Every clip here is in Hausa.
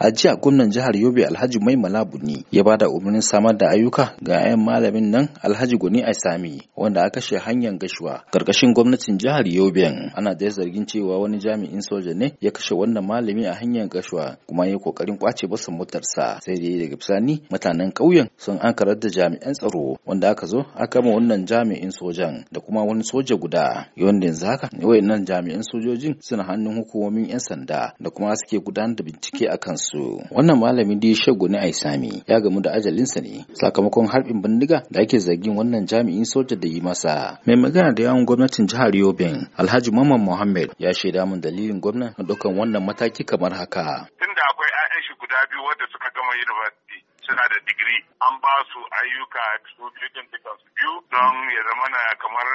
a jiya gwamnan jihar yobe alhaji mai malabuni ya bada umarnin samar da ayyuka ga 'yan malamin nan alhaji guni sami wanda aka kashe hanyar gashuwa karkashin gwamnatin jihar yobe ana da zargin cewa wani jami'in soja ne ya kashe wannan malami a hanyar gashuwa kuma ya kokarin kwace basa motarsa sai dai daga bisani mutanen ƙauyen sun ankarar da jami'an tsaro wanda aka zo aka ma wannan jami'in sojan da kuma wani soja guda yawan yanzu haka wayannan jami'an sojojin suna hannun hukumomin 'yan sanda da kuma suke gudanar da bincike a kansu su wannan malamin dai shagu na aisami ya gamu da ajalinsa ne sakamakon harbin bindiga da ake zargin wannan jami'in soja da yi masa mai magana da yawan gwamnatin jihar yobin alhaji mamman Mohammed ya shaida min dalilin gwamnan. na wannan mataki kamar haka tunda akwai 'ya'yan shi guda biyu wanda suka gama university suna da digiri an ba su ayyuka su biyu don ya zama na kamar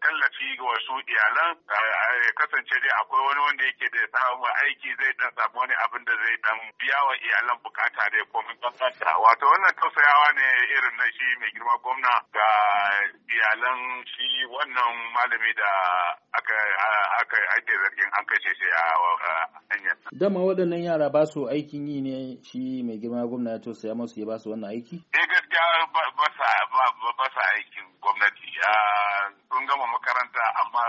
tallafi ga wasu iyalan eh, ya kasance dai akwai wani wanda yake da samu aiki zai dan samu wani abin da zai dan biya wa iyalan bukata dai komin kankanta wato wannan tausayawa ne irin na shi mai girma gwamna ga iyalan shi wannan malami da aka aka ake zargin an kashe shi a hanyar dama waɗannan yara ba su aikin yi ne shi mai girma gwamna ya tausaya masu ya ba su wannan aiki eh gaskiya ba sa ba aikin gwamnati sun gama makaranta amma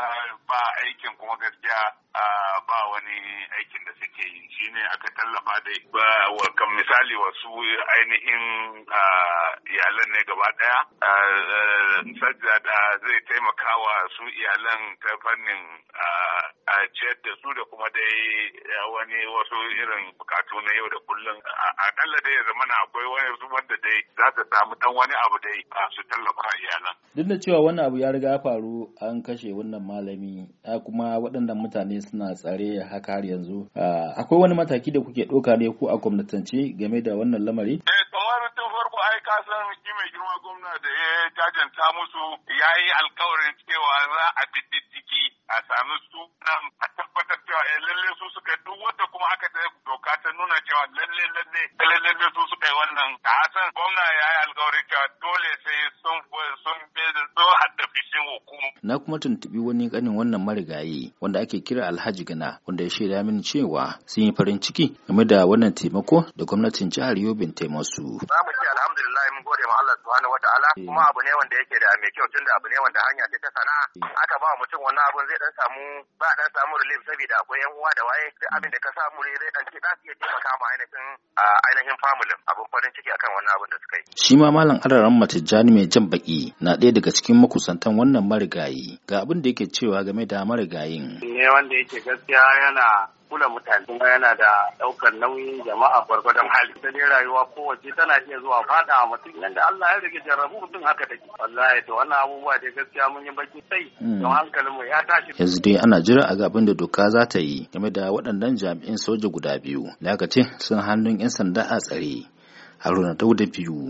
ba aikin kuma gaskiya ba wani aikin da suke yi Shi ne aka tallafa dai Ba kan misali wasu ainihin iyalan ne gaba daya sajjada da zai taimakawa su iyalan ta fannin ciyar da su da kuma dai wani wasu irin bukatu karatu na yau da kullum kalla dai ya zama na akwai wani da dai za ta samu dan wani abu dai su tallafa iyalan. Duk da cewa wannan abu ya riga ya faru an kashe wannan malami kuma waɗannan mutane suna tsare haka har yanzu akwai wani mataki da kuke ɗauka ne ko a gwamnatance game da wannan lamari? Eh farko ai ka san shi mai girma gwamna da ya jajanta musu ya yi alkawarin cewa za a diddigi a sami su a tabbatar cewa eh, lalle su suka duk wata nuna cewa lalle lalle lalle lalle su suka yi wannan da hasan gwamna ya yi alkawari cewa dole sai sun sun bi cikin hukuma. Na kuma tuntubi wani kanin wannan marigayi wanda ake kira Alhaji Gana wanda ya shaida mini cewa sun yi farin ciki game da wannan taimako da gwamnatin jihar Yobin ta masu. Za mu ce alhamdulillah mun gode ma Allah subhanahu wataala eh. kuma abu ne wanda yake da mai kyau tunda abu ne wanda hanya ce ta sana'a eh. aka ba mutum wannan abun zai dan samu ba dan samu relief saboda akwai yan uwa da waye duk abin da ka samu ne zai dan ce za su iya taimaka ma ainihin ainihin family abun farin ciki akan wannan abun da suka yi. Shi ma malam Araran matijani mai jan baki na ɗaya daga cikin makusantan wannan wannan marigayi ga abin da yake cewa game da marigayin. Ne wanda yake gaskiya yana kula mutane kuma yana da daukar nauyin jama'a gwargwadon hali ta dai rayuwa kowace tana iya zuwa fada a mutum yanda Allah ya rage jarrabu mutum haka take wallahi to wannan abubuwa da gaskiya mun yi baki sai hmm. don hankalin mu ya tashi yanzu dai ana jira a abin da doka za ta yi game da waɗannan jami'in soja guda biyu ce sun hannun yan sanda a tsare haruna dauda biyu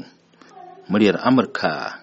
muryar amurka